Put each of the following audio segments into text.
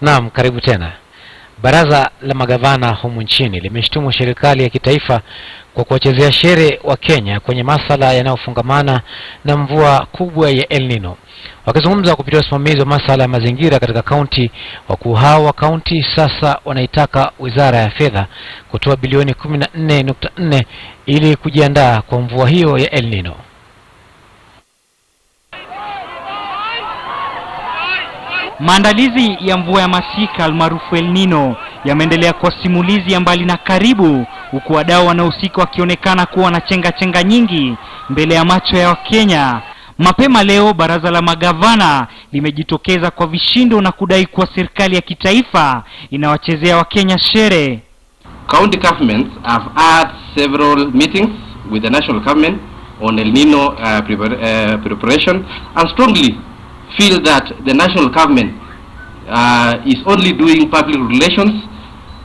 Naam, karibu tena. Baraza la magavana humu nchini limeshtumu serikali ya kitaifa kwa kuwachezea shere wa Kenya kwenye masala yanayofungamana na mvua kubwa ya El Nino. Wakizungumza kupitia usimamizi wa masala ya mazingira katika kaunti, wakuu hao wa kaunti sasa wanaitaka wizara ya fedha kutoa bilioni 14.4 ili kujiandaa kwa mvua hiyo ya El Nino. Maandalizi ya mvua ya masika almaarufu El Nino yameendelea kwa simulizi ya mbali na karibu, huku wadau wanahusika wakionekana kuwa na chenga chenga nyingi mbele ya macho ya Wakenya. Mapema leo baraza la magavana limejitokeza kwa vishindo na kudai kuwa serikali ya kitaifa inawachezea Wakenya shere. County governments have had several meetings with the national government on El Nino uh, uh preparation and strongly feel that the national government uh, is only doing public relations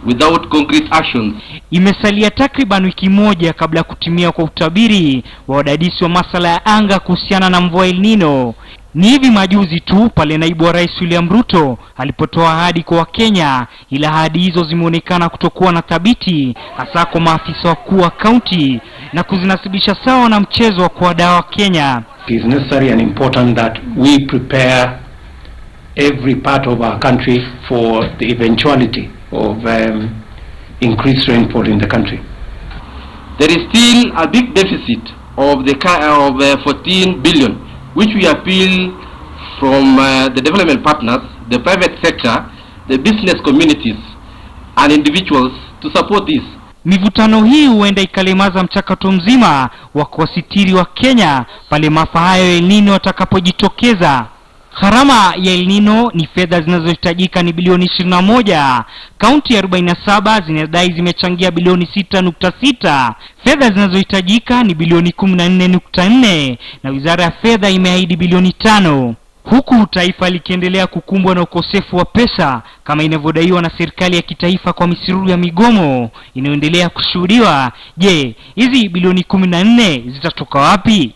without concrete actions. Imesalia takriban wiki moja kabla ya kutimia kwa utabiri wa wadadisi wa masala ya anga kuhusiana na mvua El Nino. Ni hivi majuzi tu pale naibu wa rais William Ruto alipotoa ahadi kwa Wakenya, ila ahadi hizo zimeonekana kutokuwa na thabiti, hasa kwa maafisa wakuu wa kaunti na kuzinasibisha sawa na mchezo wa kuwadaa Wakenya. It is necessary and important that we prepare every part of our country for the eventuality of um, increased rainfall in the country. There is still a big deficit of the of uh, 14 billion, which we appeal from uh, the development partners, the private sector, the business communities, and individuals to support this. Mivutano hii huenda ikalemaza mchakato mzima wa kuwasitiri wa Kenya pale maafa hayo ya El Nino yatakapojitokeza. Gharama ya El Nino ni fedha zinazohitajika ni bilioni 21. Kaunti 47 zinadai zimechangia bilioni 6.6. Fedha zinazohitajika ni bilioni 14.4 na wizara ya fedha imeahidi bilioni tano huku taifa likiendelea kukumbwa na ukosefu wa pesa kama inavyodaiwa na serikali ya kitaifa kwa misururu ya migomo inayoendelea kushuhudiwa. Je, hizi bilioni kumi na nne zitatoka wapi?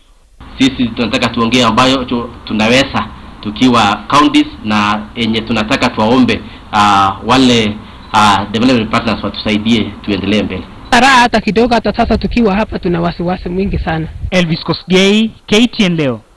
Sisi tunataka tuongee ambayo tu, tunaweza tukiwa counties na yenye tunataka tuwaombe uh, wale uh, development partners watusaidie tuendelee mbele raha hata kidogo. Hata sasa tukiwa hapa tuna wasiwasi mwingi sana. Elvis Kosgei, KTN leo.